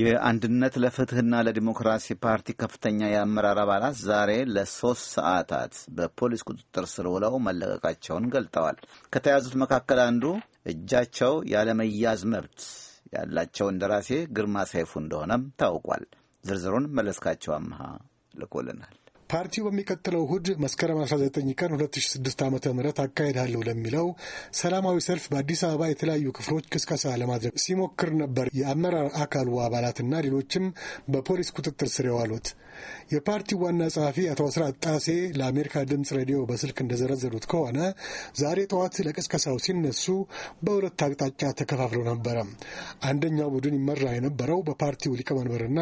የአንድነት ለፍትህና ለዲሞክራሲ ፓርቲ ከፍተኛ የአመራር አባላት ዛሬ ለሶስት ሰዓታት በፖሊስ ቁጥጥር ስር ውለው መለቀቃቸውን ገልጠዋል። ከተያዙት መካከል አንዱ እጃቸው ያለመያዝ መብት ያላቸው እንደራሴ ግርማ ሰይፉ እንደሆነም ታውቋል። ዝርዝሩን መለስካቸው አምሃ ልኮልናል። ፓርቲው በሚቀጥለው እሁድ መስከረም 19 ቀን 2006 ዓ ም አካሄዳለሁ ለሚለው ሰላማዊ ሰልፍ በአዲስ አበባ የተለያዩ ክፍሎች ቅስቀሳ ለማድረግ ሲሞክር ነበር የአመራር አካሉ አባላትና ሌሎችም በፖሊስ ቁጥጥር ስር የዋሉት። የፓርቲው ዋና ጸሐፊ አቶ አስራት ጣሴ ለአሜሪካ ድምፅ ሬዲዮ በስልክ እንደዘረዘሩት ከሆነ ዛሬ ጠዋት ለቅስቀሳው ሲነሱ በሁለት አቅጣጫ ተከፋፍለው ነበረ። አንደኛው ቡድን ይመራ የነበረው በፓርቲው ሊቀመንበርና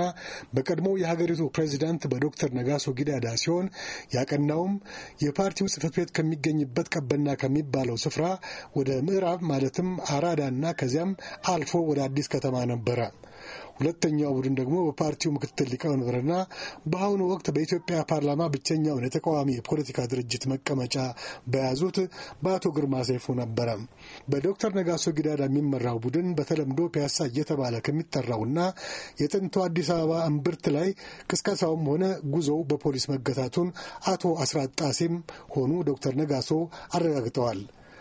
በቀድሞ የሀገሪቱ ፕሬዚዳንት በዶክተር ነጋሶ ጊዳዳ ሲሆን ያቀናውም የፓርቲው ጽህፈት ቤት ከሚገኝበት ቀበና ከሚባለው ስፍራ ወደ ምዕራብ ማለትም አራዳና ከዚያም አልፎ ወደ አዲስ ከተማ ነበረ። ሁለተኛው ቡድን ደግሞ በፓርቲው ምክትል ሊቀመንበርና በአሁኑ ወቅት በኢትዮጵያ ፓርላማ ብቸኛውን የተቃዋሚ የፖለቲካ ድርጅት መቀመጫ በያዙት በአቶ ግርማ ሰይፉ ነበረ። በዶክተር ነጋሶ ጊዳዳ የሚመራው ቡድን በተለምዶ ፒያሳ እየተባለ ከሚጠራውና የጥንቱ አዲስ አበባ እምብርት ላይ ቅስቀሳውም ሆነ ጉዞው በፖሊስ መገታቱን አቶ አስራት ጣሴም ሆኑ ዶክተር ነጋሶ አረጋግጠዋል።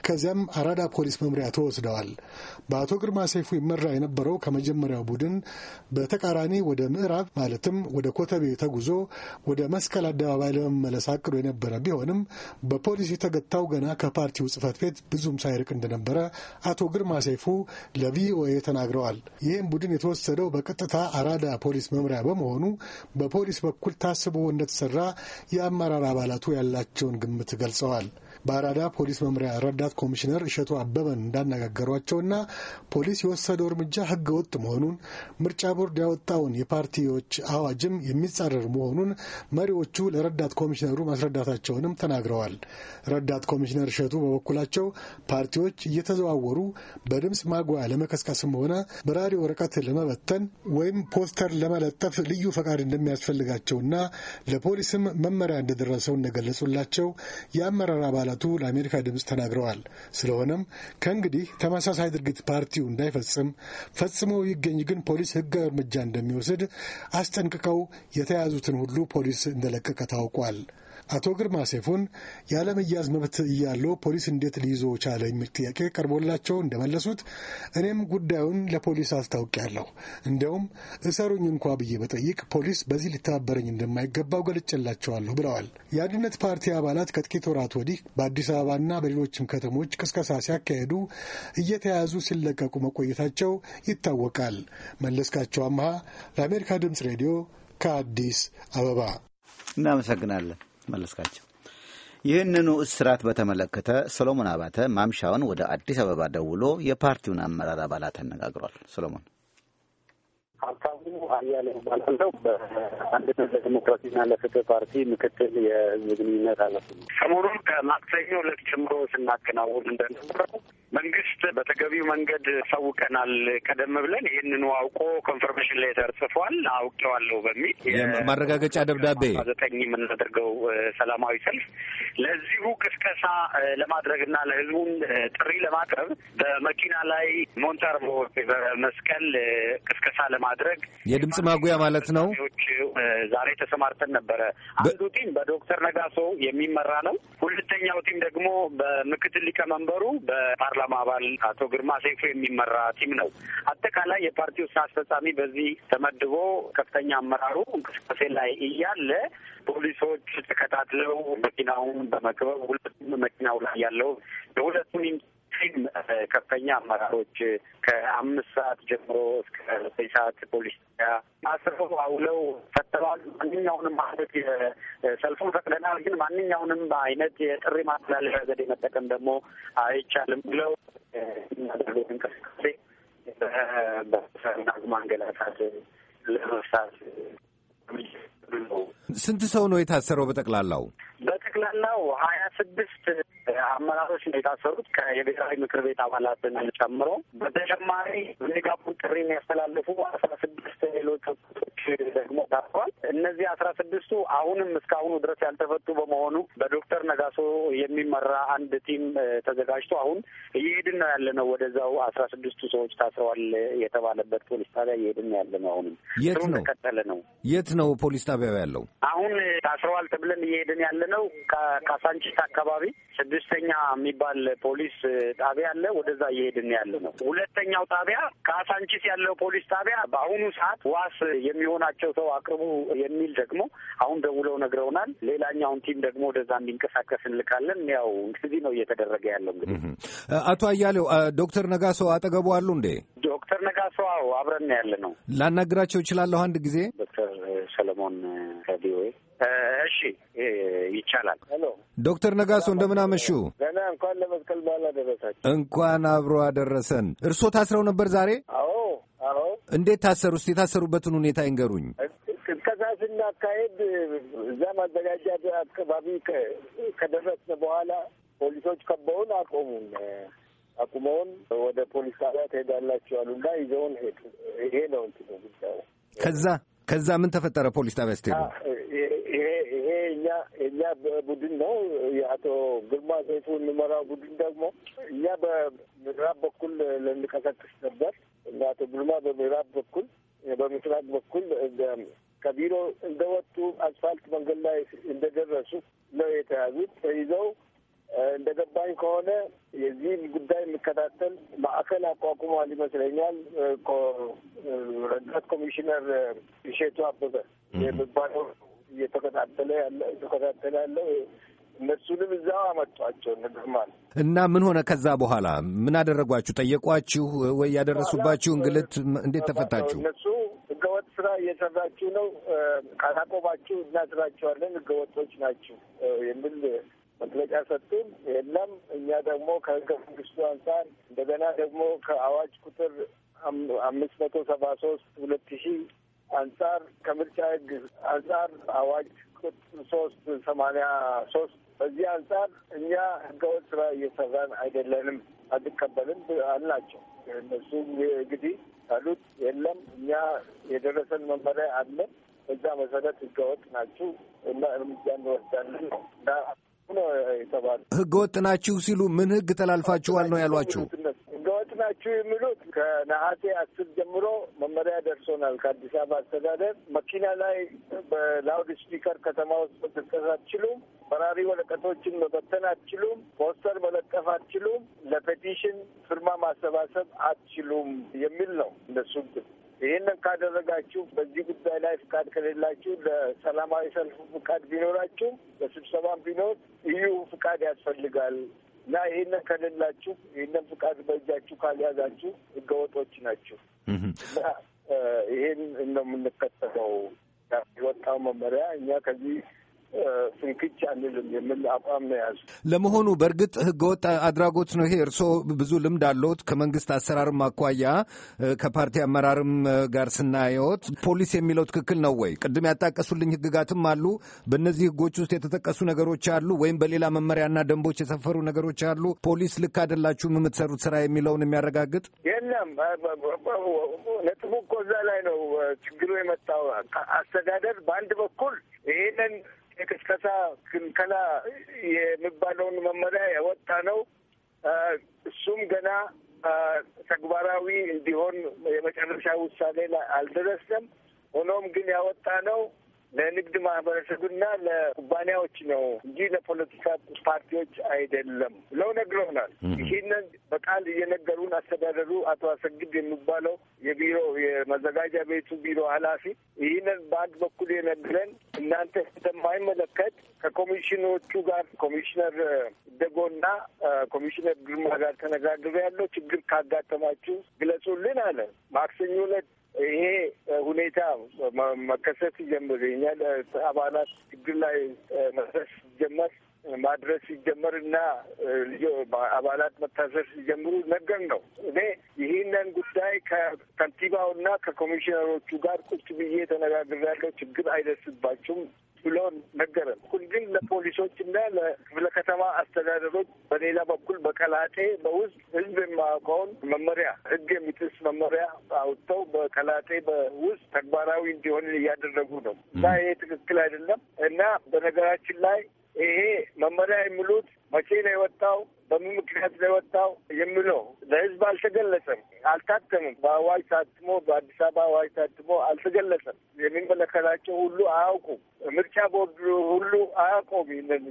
ከዚያም አራዳ ፖሊስ መምሪያ ተወስደዋል። በአቶ ግርማ ሰይፉ ይመራ የነበረው ከመጀመሪያው ቡድን በተቃራኒ ወደ ምዕራብ ማለትም ወደ ኮተቤ ተጉዞ ወደ መስቀል አደባባይ ለመመለስ አቅዶ የነበረ ቢሆንም በፖሊስ የተገታው ገና ከፓርቲው ጽህፈት ቤት ብዙም ሳይርቅ እንደነበረ አቶ ግርማ ሰይፉ ለቪኦኤ ተናግረዋል። ይህም ቡድን የተወሰደው በቀጥታ አራዳ ፖሊስ መምሪያ በመሆኑ በፖሊስ በኩል ታስቦ እንደተሰራ የአመራር አባላቱ ያላቸውን ግምት ገልጸዋል። በአራዳ ፖሊስ መምሪያ ረዳት ኮሚሽነር እሸቱ አበበን እንዳነጋገሯቸውና ፖሊስ የወሰደው እርምጃ ህገ ወጥ መሆኑን ምርጫ ቦርድ ያወጣውን የፓርቲዎች አዋጅም የሚጻረር መሆኑን መሪዎቹ ለረዳት ኮሚሽነሩ ማስረዳታቸውንም ተናግረዋል። ረዳት ኮሚሽነር እሸቱ በበኩላቸው ፓርቲዎች እየተዘዋወሩ በድምፅ ማጓያ ለመቀስቀስም ሆነ በራሪ ወረቀት ለመበተን ወይም ፖስተር ለመለጠፍ ልዩ ፈቃድ እንደሚያስፈልጋቸውና ለፖሊስም መመሪያ እንደደረሰው እንደገለጹላቸው የአመራር አባላት አባላቱ ለአሜሪካ ድምፅ ተናግረዋል። ስለሆነም ከእንግዲህ ተመሳሳይ ድርጊት ፓርቲው እንዳይፈጽም፣ ፈጽሞ ይገኝ ግን ፖሊስ ሕጋዊ እርምጃ እንደሚወስድ አስጠንቅቀው የተያዙትን ሁሉ ፖሊስ እንደለቀቀ ታውቋል። አቶ ግርማ ሴፉን ያለመያዝ መብት እያለው ፖሊስ እንዴት ሊይዞ ቻለ የሚል ጥያቄ ቀርቦላቸው እንደመለሱት እኔም ጉዳዩን ለፖሊስ አስታውቂያለሁ። እንዲያውም እሰሩኝ እንኳ ብዬ በጠይቅ ፖሊስ በዚህ ሊተባበረኝ እንደማይገባው ገልጬላቸዋለሁ ብለዋል። የአንድነት ፓርቲ አባላት ከጥቂት ወራት ወዲህ በአዲስ አበባና በሌሎችም ከተሞች ቅስቀሳ ሲያካሄዱ እየተያዙ ሲለቀቁ መቆየታቸው ይታወቃል። መለስካቸው አምሃ ለአሜሪካ ድምፅ ሬዲዮ ከአዲስ አበባ እናመሰግናለን። መለስካቸው። ይህንኑ እስራት በተመለከተ ሰሎሞን አባተ ማምሻውን ወደ አዲስ አበባ ደውሎ የፓርቲውን አመራር አባላት አነጋግሯል። ሰሎሞን፣ አያሌው እባላለሁ። በአንድነት ለዲሞክራሲና ለፍትህ ፓርቲ ምክትል የህዝብ ግንኙነት ኃላፊ። ሰሞኑን ከማክሰኞ ዕለት ጀምሮ ስናከናውን እንደነበረው መንግስት በተገቢው መንገድ ሳውቀናል። ቀደም ብለን ይህንኑ አውቆ ኮንፈርሜሽን ሌተር ጽፏል። አውቄዋለሁ በሚል ማረጋገጫ ደብዳቤ ዘጠኝ የምናደርገው ሰላማዊ ሰልፍ ለዚሁ ቅስቀሳ ለማድረግና ለህዝቡን ጥሪ ለማቅረብ በመኪና ላይ ሞንታርቦ በመስቀል ቅስቀሳ ለማድረግ የድምፅ ማጉያ ማለት ነው። ዛሬ ተሰማርተን ነበረ። አንዱ ቲም በዶክተር ነጋሶ የሚመራ ነው። ሁለተኛው ቲም ደግሞ በምክትል ሊቀመንበሩ በፓርላማ አባል አቶ ግርማ ሴፎ የሚመራ ቲም ነው። አጠቃላይ የፓርቲው ስራ አስፈጻሚ በዚህ ተመድቦ ከፍተኛ አመራሩ እንቅስቃሴ ላይ እያለ ፖሊሶች ተከታትለው መኪናውን በመክበብ ሁለቱም መኪናው ላይ ያለው የሁለቱም ፊልም ከፍተኛ አመራሮች ከአምስት ሰዓት ጀምሮ እስከ ዘጠኝ ሰዓት ፖሊስ ጣቢያ አስረው አውለው ፈተዋል። ማንኛውንም ማለት ሰልፉን ፈቅደናል፣ ግን ማንኛውንም አይነት የጥሪ ማስተላለፊያ ዘዴ መጠቀም ደግሞ አይቻልም ብለው የሚያደርገው እንቅስቃሴ በሰና ማንገላታት ለመፍታት ስንት ሰው ነው የታሰረው? በጠቅላላው በጠቅላላው ሀያ ስድስት አመራሮች ነው የታሰሩት የብሔራዊ ምክር ቤት አባላትን ጨምሮ። በተጨማሪ ዜጋቡን ጥሪ የሚያስተላልፉ አስራ ስድስት ሌሎች እነዚህ አስራ ስድስቱ አሁንም እስካሁኑ ድረስ ያልተፈቱ በመሆኑ በዶክተር ነጋሶ የሚመራ አንድ ቲም ተዘጋጅቶ አሁን እየሄድን ነው ያለ ነው። ወደዛው አስራ ስድስቱ ሰዎች ታስረዋል የተባለበት ፖሊስ ጣቢያ እየሄድን ያለ ነው። አሁንም የት ነው ቀጠለ ነው የት ነው ፖሊስ ጣቢያው ያለው? አሁን ታስረዋል ተብለን እየሄድን ያለ ነው ካሳንቺስ አካባቢ ስድስተኛ የሚባል ፖሊስ ጣቢያ አለ። ወደዛ እየሄድን ያለ ነው። ሁለተኛው ጣቢያ ካሳንቺስ ያለው ፖሊስ ጣቢያ በአሁኑ ሰዓት ዋስ የሚሆናቸው ሰው አቅርቡ የሚል ደግሞ አሁን ደውለው ነግረውናል። ሌላኛውን ቲም ደግሞ ወደዛ እንዲንቀሳቀስ እንልካለን። ያው እንግዲህ ነው እየተደረገ ያለው። እንግዲህ አቶ አያሌው ዶክተር ነጋሶ አጠገቡ አሉ እንዴ? ዶክተር ነጋሶ አዎ፣ አብረን ያለ ነው። ላናግራቸው እችላለሁ አንድ ጊዜ ዶክተር ሰለሞን ከቪኦኤ እሺ ይቻላል። ዶክተር ነጋሶ እንደምን አመሹ? ገና እንኳን ለመስቀል በዓል አደረሳችሁ። እንኳን አብሮ አደረሰን። እርስዎ ታስረው ነበር ዛሬ? አዎ አዎ። እንዴት ታሰሩ? እስኪ የታሰሩበትን ሁኔታ ይንገሩኝ። አካሄድ እዛ ማዘጋጃ አካባቢ ከደረስን በኋላ ፖሊሶች ከበውን አቆሙን። አቁመውን ወደ ፖሊስ ጣቢያ ትሄዳላችሁ አሉና ይዘውን ሄዱ። ይሄ ነው እንትኑ ጉዳዩ። ከዛ ከዛ ምን ተፈጠረ? ፖሊስ ጣቢያ ስትሄዱ ይሄ እኛ እኛ ቡድን ነው የአቶ ግርማ ዘይቱ እንመራው ቡድን ደግሞ እኛ በምዕራብ በኩል ልንቀሰቅስ ነበር እና አቶ ግርማ በምዕራብ በኩል በምስራቅ በኩል ከቢሮ እንደወጡ አስፋልት መንገድ ላይ እንደደረሱ ነው የተያዙት። ተይዘው እንደገባኝ ከሆነ የዚህን ጉዳይ የሚከታተል ማዕከል አቋቁሟል ይመስለኛል። ረዳት ኮሚሽነር እሼቱ አበበ የሚባለው እየተከታተለ ያለ እየተከታተለ ያለው እነሱንም እዛው አመጧቸው። ንግርማል እና ምን ሆነ? ከዛ በኋላ ምን አደረጓችሁ? ጠየቋችሁ ወይ? ያደረሱባችሁ እንግልት እንዴት ተፈታችሁ? እነሱ ስራ እየሰራችሁ ነው፣ ካላቆማችሁ እናስራችኋለን፣ ህገወጦች ናችሁ የሚል መግለጫ ሰጡን። የለም እኛ ደግሞ ከህገ መንግስቱ አንጻር እንደገና ደግሞ ከአዋጅ ቁጥር አምስት መቶ ሰባ ሶስት ሁለት ሺ አንጻር ከምርጫ ህግ አንጻር አዋጅ ቁጥር ሶስት ሰማንያ ሶስት በዚህ አንጻር እኛ ህገወጥ ስራ እየሰራን አይደለንም፣ አንቀበልም አልናቸው። እነሱ እንግዲህ አሉት። የለም እኛ የደረሰን መመሪያ አለን፣ እዛ መሰረት ህገወጥ ናችሁ እና እርምጃ እንወስዳለን እና ነው ህገወጥ ናችሁ ሲሉ ምን ህግ ተላልፋችኋል ነው ያሏችሁ? ናችሁ የሚሉት ከነሐሴ አስር ጀምሮ መመሪያ ደርሶናል ከአዲስ አበባ አስተዳደር። መኪና ላይ በላውድ ስፒከር ከተማ ውስጥ መጠቀስ አትችሉም። በራሪ ወረቀቶችን መበተን አትችሉም። ፖስተር መለጠፍ አትችሉም። ለፔቲሽን ፍርማ ማሰባሰብ አትችሉም የሚል ነው ግን ይህንን ካደረጋችሁ በዚህ ጉዳይ ላይ ፍቃድ ከሌላችሁ ለሰላማዊ ሰልፍ ፍቃድ ቢኖራችሁ ለስብሰባም ቢኖር እዩ ፍቃድ ያስፈልጋል እና ይህንን ከሌላችሁ ይህንን ፍቃድ በእጃችሁ ካልያዛችሁ ህገወጦች ናችሁ እና ይህን እንደምንከተለው የወጣው መመሪያ እኛ ከዚህ ፍንክች አንልም የሚል አቋም ነው የያዙ። ለመሆኑ በእርግጥ ህገወጥ አድራጎት ነው ይሄ? እርስዎ ብዙ ልምድ አለዎት። ከመንግስት አሰራርም አኳያ ከፓርቲ አመራርም ጋር ስናየዎት ፖሊስ የሚለው ትክክል ነው ወይ? ቅድም ያጣቀሱልኝ ህግጋትም አሉ። በእነዚህ ህጎች ውስጥ የተጠቀሱ ነገሮች አሉ ወይም በሌላ መመሪያና ደንቦች የሰፈሩ ነገሮች አሉ። ፖሊስ ልክ አይደላችሁም የምትሰሩት ስራ የሚለውን የሚያረጋግጥ የለም። ነጥቡ እኮ እዛ ላይ ነው ችግሩ የመጣው አስተዳደር በአንድ በኩል ይህንን ቅስቀሳ፣ ክንከላ የሚባለውን መመሪያ ያወጣ ነው። እሱም ገና ተግባራዊ እንዲሆን የመጨረሻ ውሳኔ አልደረሰም። ሆኖም ግን ያወጣ ነው ለንግድ ማህበረሰብና ለኩባንያዎች ነው እንጂ ለፖለቲካ ፓርቲዎች አይደለም ብለው ነግረውናል። ይህንን በቃል እየነገሩን አስተዳደሩ አቶ አሰግድ የሚባለው የቢሮ የመዘጋጃ ቤቱ ቢሮ ኃላፊ ይህንን በአንድ በኩል የነግረን እናንተ ስለማይመለከት ከኮሚሽኖቹ ጋር ኮሚሽነር ደጎና ኮሚሽነር ግርማ ጋር ተነጋግሬ ያለው ችግር ካጋጠማችሁ ግለጹልን አለ። ማክሰኞ ዕለት ይሄ ሁኔታ መከሰት ጀምር የእኛ አባላት ችግር ላይ መድረስ ሲጀመር ማድረስ ሲጀመር እና አባላት መታሰር ሲጀምሩ ነገር ነው። እኔ ይህንን ጉዳይ ከከንቲባው እና ከኮሚሽነሮቹ ጋር ቁጭ ብዬ ተነጋግሬያለሁ። ችግር አይደርስባችሁም ብሎ ነገረን። ሁል ግን ለፖሊሶች እና ለክፍለ ከተማ አስተዳደሮች በሌላ በኩል በቀላጤ በውስጥ ህዝብ የማያውቀውን መመሪያ ህግ የሚጥስ መመሪያ አውጥተው በቀላጤ በውስጥ ተግባራዊ እንዲሆን እያደረጉ ነው እና ይሄ ትክክል አይደለም እና በነገራችን ላይ ይሄ መመሪያ የሚሉት መቼ ነው የወጣው፣ በምን ምክንያት ነው የወጣው የሚለው ለህዝብ አልተገለጸም፣ አልታተምም። በአዋጅ ታትሞ በአዲስ አበባ አዋጅ ታትሞ አልተገለጸም። የሚመለከታቸው ሁሉ አያውቁም። ምርጫ ቦርድ ሁሉ አያውቀውም። ይህንን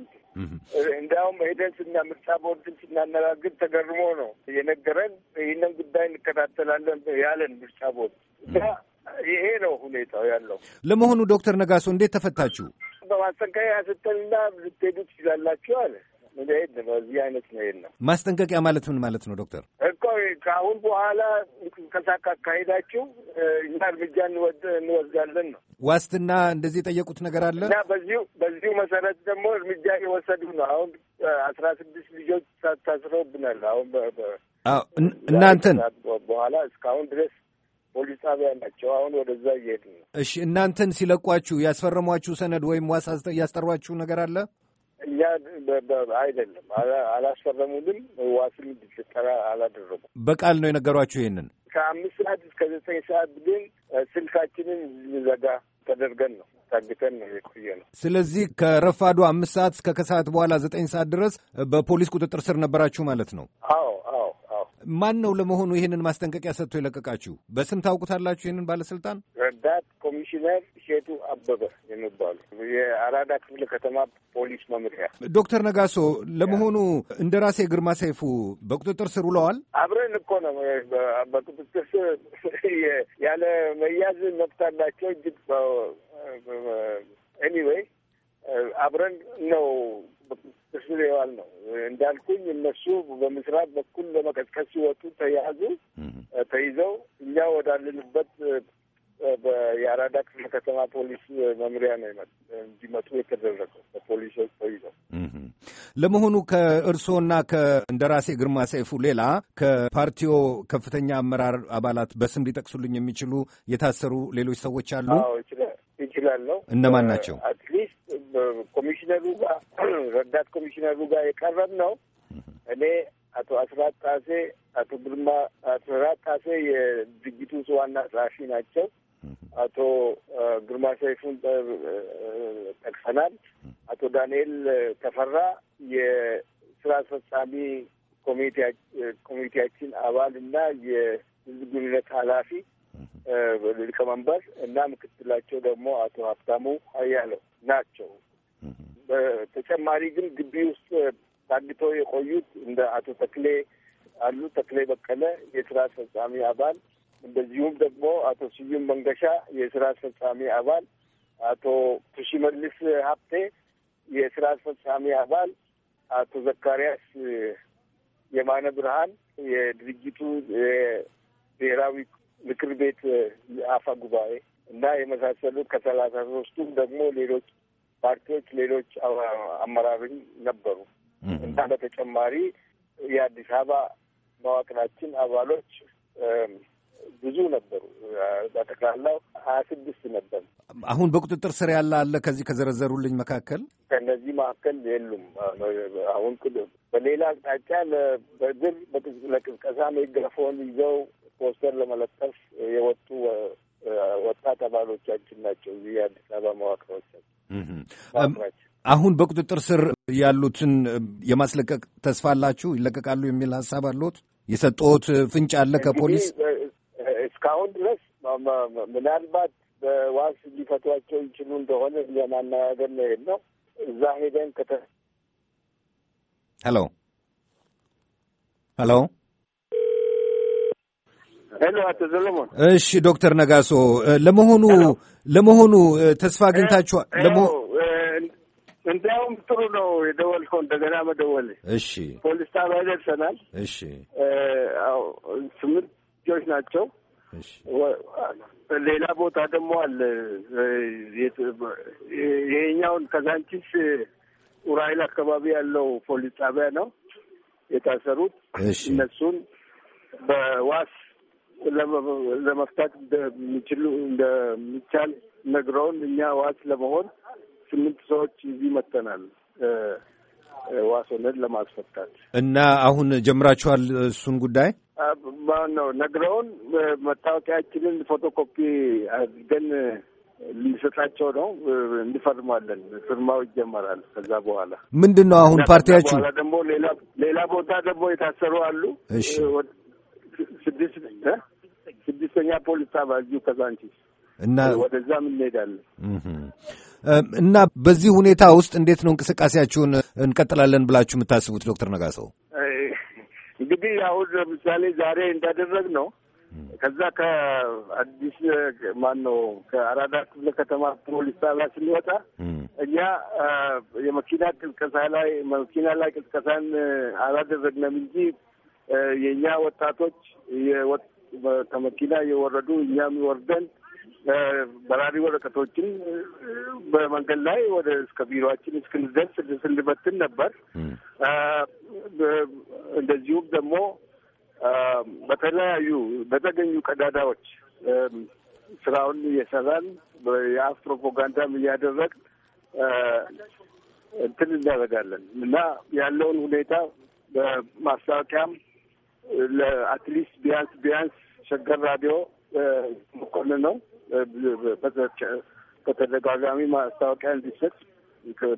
እንዲያውም ሄደን ስና ምርጫ ቦርድን ስናነጋግር ተገርሞ ነው የነገረን። ይህንን ጉዳይ እንከታተላለን ያለን ምርጫ ቦርድ ይሄ ነው ሁኔታው ያለው። ለመሆኑ ዶክተር ነጋሶ እንዴት ተፈታችሁ? በማስጠንቀቂያ ስትልና ልትሄዱ ትችላላችሁ አለ። መሄድ ነው። በዚህ አይነት መሄድ ነው። ማስጠንቀቂያ ማለት ምን ማለት ነው ዶክተር? እኮ ከአሁን በኋላ እንቅስቃሴ ካካሄዳችሁ እና እርምጃ እንወስዳለን ነው። ዋስትና እንደዚህ የጠየቁት ነገር አለ እና በዚሁ በዚሁ መሰረት ደግሞ እርምጃ የወሰዱ ነው። አሁን አስራ ስድስት ልጆች ታስረውብናል። አሁን እናንተን በኋላ እስካሁን ድረስ ፖሊስ ጣቢያ ናቸው። አሁን ወደዛ እየሄዱ ነው። እሺ፣ እናንተን ሲለቋችሁ ያስፈረሟችሁ ሰነድ ወይም ዋስ እያስጠሯችሁ ነገር አለ? እኛ አይደለም አላስፈረሙንም። ዋስም እንድትጠራ አላደረጉም። በቃል ነው የነገሯችሁ። ይህንን ከአምስት ሰዓት እስከ ዘጠኝ ሰዓት ግን ስልካችንን ዘጋ ተደርገን ነው ታግተን ነው የቆየ ነው። ስለዚህ ከረፋዱ አምስት ሰዓት እስከ ከሰዓት በኋላ ዘጠኝ ሰዓት ድረስ በፖሊስ ቁጥጥር ስር ነበራችሁ ማለት ነው? አዎ ማን ነው ለመሆኑ ይህንን ማስጠንቀቂያ ሰጥቶ የለቀቃችሁ? በስም ታውቁታላችሁ? ይህንን ባለስልጣን ረዳት ኮሚሽነር ሴቱ አበበ የሚባሉ የአራዳ ክፍለ ከተማ ፖሊስ መምሪያ። ዶክተር ነጋሶ ለመሆኑ እንደ ራሴ ግርማ ሰይፉ በቁጥጥር ስር ውለዋል? አብረን እኮ ነው በቁጥጥር ስር ያለ መያዝ መብት አላቸው እጅግ ኤኒዌይ አብረን ነው እስር ይዋል ነው እንዳልኩኝ። እነሱ በምስራቅ በኩል ለመቀስቀስ ሲወጡ ተያዙ፣ ተይዘው እኛ ወዳለንበት የአራዳ ክፍለ ከተማ ፖሊስ መምሪያ ነው እንዲመጡ የተደረገው በፖሊሶች ተይዘው። ለመሆኑ ከእርስዎና ከእንደራሴ ግርማ ሰይፉ ሌላ ከፓርቲዎ ከፍተኛ አመራር አባላት በስም ሊጠቅሱልኝ የሚችሉ የታሰሩ ሌሎች ሰዎች አሉ? ይችላለሁ። እነማን ናቸው? ኮሚሽነሩ ጋር ረዳት ኮሚሽነሩ ጋር የቀረብ ነው። እኔ አቶ አስራት ጣሴ፣ አቶ ግርማ አስራት ጣሴ የድርጅቱ ዋና ጸሐፊ ናቸው። አቶ ግርማ ሰይፉን ጠቅሰናል። አቶ ዳንኤል ተፈራ የስራ አስፈጻሚ ኮሚቴያችን አባል እና የህዝብ ግንኙነት ኃላፊ ሊቀመንበር እና ምክትላቸው ደግሞ አቶ ሀብታሙ አያለው ናቸው። በተጨማሪ ግን ግቢ ውስጥ ታግተው የቆዩት እንደ አቶ ተክሌ አሉ ተክሌ በቀለ የስራ አስፈጻሚ አባል እንደዚሁም ደግሞ አቶ ስዩም መንገሻ የስራ አስፈጻሚ አባል፣ አቶ ሽመልስ ሀብቴ የስራ አስፈጻሚ አባል፣ አቶ ዘካሪያስ የማነ ብርሃን የድርጅቱ የብሔራዊ ምክር ቤት አፈ ጉባኤ እና የመሳሰሉት ከሰላሳ ሶስቱም ደግሞ ሌሎች ፓርቲዎች ሌሎች አመራርም ነበሩ እና በተጨማሪ የአዲስ አበባ መዋቅራችን አባሎች ብዙ ነበሩ። በጠቅላላው ሀያ ስድስት ነበር። አሁን በቁጥጥር ስር ያለ አለ ከዚህ ከዘረዘሩልኝ መካከል ከእነዚህ መካከል የሉም። አሁን በሌላ አቅጣጫ በግር ለቅስቀሳ ሜጋፎን ይዘው ፖስተር ለመለጠፍ የወጡ ወጣት አባሎቻችን ናቸው። እዚህ የአዲስ አበባ መዋቅሮቻችን አሁን በቁጥጥር ስር ያሉትን የማስለቀቅ ተስፋ አላችሁ? ይለቀቃሉ የሚል ሀሳብ አለዎት? የሰጠዎት ፍንጭ አለ ከፖሊስ? እስካሁን ድረስ ምናልባት በዋስ ሊፈቷቸው ይችሉ እንደሆነ ለማነጋገር ነው የሄድነው። እዛ ሄደን ከተ ሄሎ ሄሎ ሄሎ አቶ ሰለሞን። እሺ ዶክተር ነጋሶ ለመሆኑ ለመሆኑ ተስፋ አግኝታችኋል? እንዲያውም ጥሩ ነው የደወልከው፣ እንደገና መደወል። እሺ ፖሊስ ጣቢያ ደርሰናል። እሺ ስምንት ልጆች ናቸው። ሌላ ቦታ ደግሞ አለ። ይሄኛውን ከዛንቺስ ኡራኤል አካባቢ ያለው ፖሊስ ጣቢያ ነው የታሰሩት። እነሱን በዋስ ለመፍታት እንደሚችሉ እንደሚቻል ነግረውን እኛ ዋስ ለመሆን ስምንት ሰዎች እዚህ መጥተናል። ዋስ ሆነን ለማስፈታት እና አሁን ጀምራችኋል እሱን ጉዳይ ነው ነግረውን መታወቂያችንን ፎቶኮፒ አድርገን ሊሰጣቸው ነው። እንፈርማለን። ፍርማው ይጀመራል። ከዛ በኋላ ምንድን ነው አሁን ፓርቲያችሁ ደግሞ ሌላ ሌላ ቦታ ደግሞ የታሰሩ አሉ። እሺ ስድስተኛ ፖሊስ ጣቢያ እዚሁ ከዛንቺስ እና ወደዛም እንሄዳለን እና በዚህ ሁኔታ ውስጥ እንዴት ነው እንቅስቃሴያችሁን እንቀጥላለን ብላችሁ የምታስቡት ዶክተር ነጋሰው? እንግዲህ አሁን ለምሳሌ ዛሬ እንዳደረግ ነው። ከዛ ከአዲስ ማን ነው ከአራዳ ክፍለ ከተማ ፖሊስ ጣቢያ ስንወጣ እኛ የመኪና ቅስቀሳ ላይ መኪና ላይ ቅስቀሳን አላደረግነም እንጂ የእኛ ወጣቶች ከመኪና የወረዱ እኛም ወርደን በራሪ ወረቀቶችን በመንገድ ላይ ወደ እስከ ቢሮችን እስክንደርስ ስንበትን ነበር። እንደዚሁም ደግሞ በተለያዩ በተገኙ ቀዳዳዎች ስራውን እየሰራን የአፍ ፕሮፓጋንዳም እያደረግ እንትን እናደርጋለን እና ያለውን ሁኔታ በማስታወቂያም ለአትሊስት ቢያንስ ቢያንስ ሸገር ራዲዮ መኮንን ነው በተደጋጋሚ ማስታወቂያ እንዲሰጥ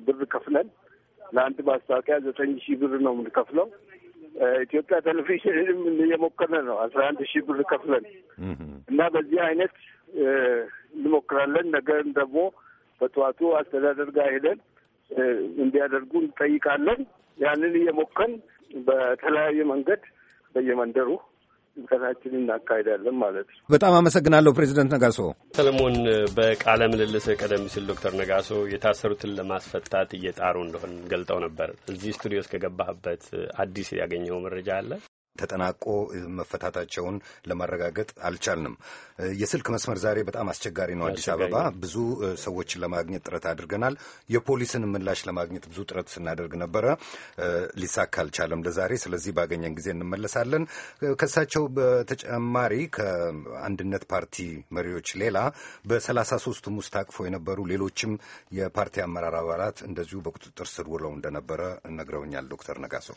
ብር ከፍለን ለአንድ ማስታወቂያ ዘጠኝ ሺህ ብር ነው የምንከፍለው። ኢትዮጵያ ቴሌቪዥንም እየሞከረ ነው አስራ አንድ ሺህ ብር ከፍለን እና በዚህ አይነት እንሞክራለን። ነገርን ደግሞ በጠዋቱ አስተዳደር ጋር ሄደን እንዲያደርጉ እንጠይቃለን። ያንን እየሞከን በተለያየ መንገድ በየመንደሩ ጥምቀታችን እናካሄዳለን ማለት ነው። በጣም አመሰግናለሁ ፕሬዚደንት ነጋሶ ሰለሞን። በቃለ ምልልስ ቀደም ሲል ዶክተር ነጋሶ የታሰሩትን ለማስፈታት እየጣሩ እንደሆን ገልጠው ነበር። እዚህ ስቱዲዮ እስከገባህበት አዲስ ያገኘው መረጃ አለ? ተጠናቆ መፈታታቸውን ለማረጋገጥ አልቻልንም። የስልክ መስመር ዛሬ በጣም አስቸጋሪ ነው። አዲስ አበባ ብዙ ሰዎችን ለማግኘት ጥረት አድርገናል። የፖሊስን ምላሽ ለማግኘት ብዙ ጥረት ስናደርግ ነበረ። ሊሳካ አልቻለም ለዛሬ። ስለዚህ ባገኘን ጊዜ እንመለሳለን። ከእሳቸው በተጨማሪ ከአንድነት ፓርቲ መሪዎች ሌላ በሰላሳ ሶስቱም ውስጥ ታቅፎ የነበሩ ሌሎችም የፓርቲ አመራር አባላት እንደዚሁ በቁጥጥር ስር ውለው እንደነበረ ነግረውኛል ዶክተር ነጋሶ።